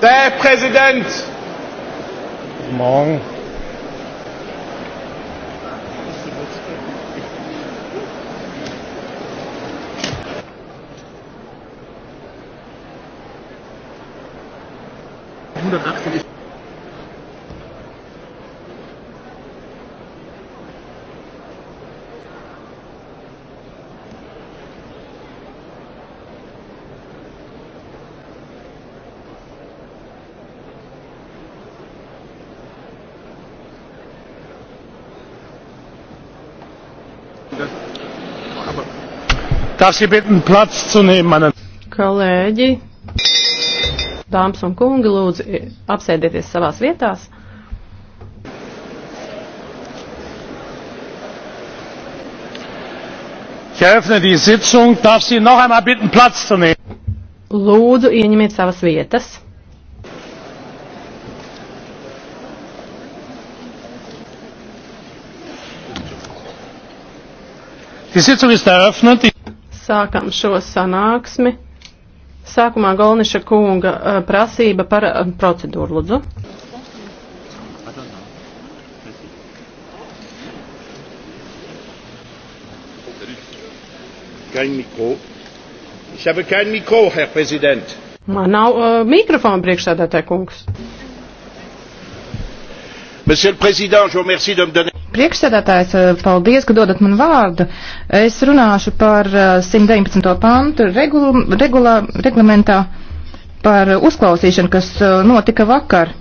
Der Präsident! Guten Morgen. Thank you. Darf Sie bitten, Platz zu nehmen, meine Kolēģi, dāmas un kungi, lūdzu, apsēdieties savās vietās. Ich eröffne die Sitzung. Darf Sie noch einmal bitten, Platz zu nehmen? Lūdzu, ieņemiet savas vietas. Die Sitzung ist eröffnet. Sākam šo sanāksmi. Sākumā Golniša kunga eh, prasība par eh, procedūru, lūdzu. Man nav uh, mikrofona priekšsēdētāja kungs. Monsieur le Président, je vous remercie de me donner priekšsēdētājs, eh, paldies, ka dodat man vārdu. Es runāšu par 119. Eh, pantu regula, regula, reglamentā par uzklausīšanu, kas eh, notika vakar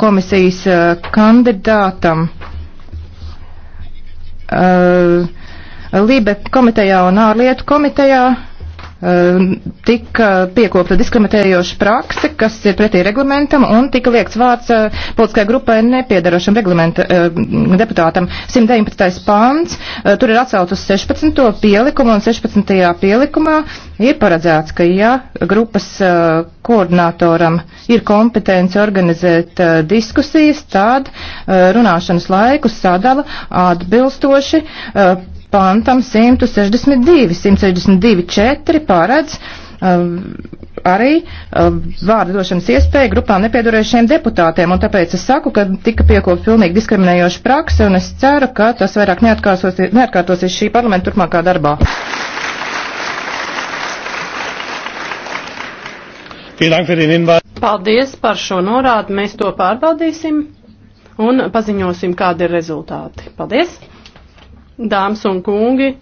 komisijas kandidātam. Lībe komitejā un ārlietu komitejā Ehm, tika piekopta diskriminējoša prakse, kas ir pretī reglamentam, un tika liekts vārds eh, politiskai grupai nepiedarošam reglamenta ehm, deputātam. 119. pāns, eh, tur ir atcelt uz 16. pielikumu, un 16. pielikumā ir paredzēts, ka ja grupas eh, koordinatoram ir kompetence organizēt diskusijas, tad runāšanas laiku sadala atbilstoši pantam 162, 162 4 paredz um, arī um, vārdu došanas iespēju grupām nepiedarējušiem deputātiem, un tāpēc es saku, ka tika piekopt pilnīgi diskriminējoša prakse, un es ceru, ka tas vairāk neatkārtosies šī parlamenta turpmākā darbā. Paldies par šo norādi, mēs to pārbaudīsim un paziņosim, kādi ir rezultāti. Paldies! dāmas un kungi,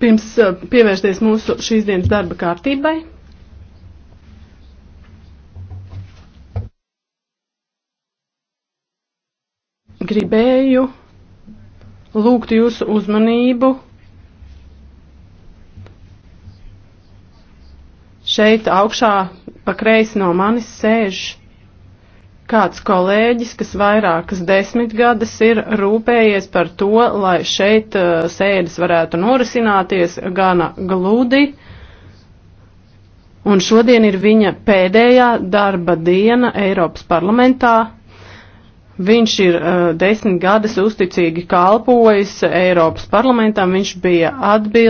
pirms eh, pievērsties mūsu šīs dienas darba kārtībai. Gribēju lūgt jūsu uzmanību šeit augšā pa kreisi no manis sēž kāds kolēģis, kas vairākas desmitgades ir rūpējies par to, lai šeit uh, sēdes varētu norisināties gana gludi. Un šodien ir viņa pēdējā darba diena Eiropas parlamentā. Viņš ir uh, desmit gadus uzticīgi kalpojis Eiropas parlamentam, viņš bija atbildīgs.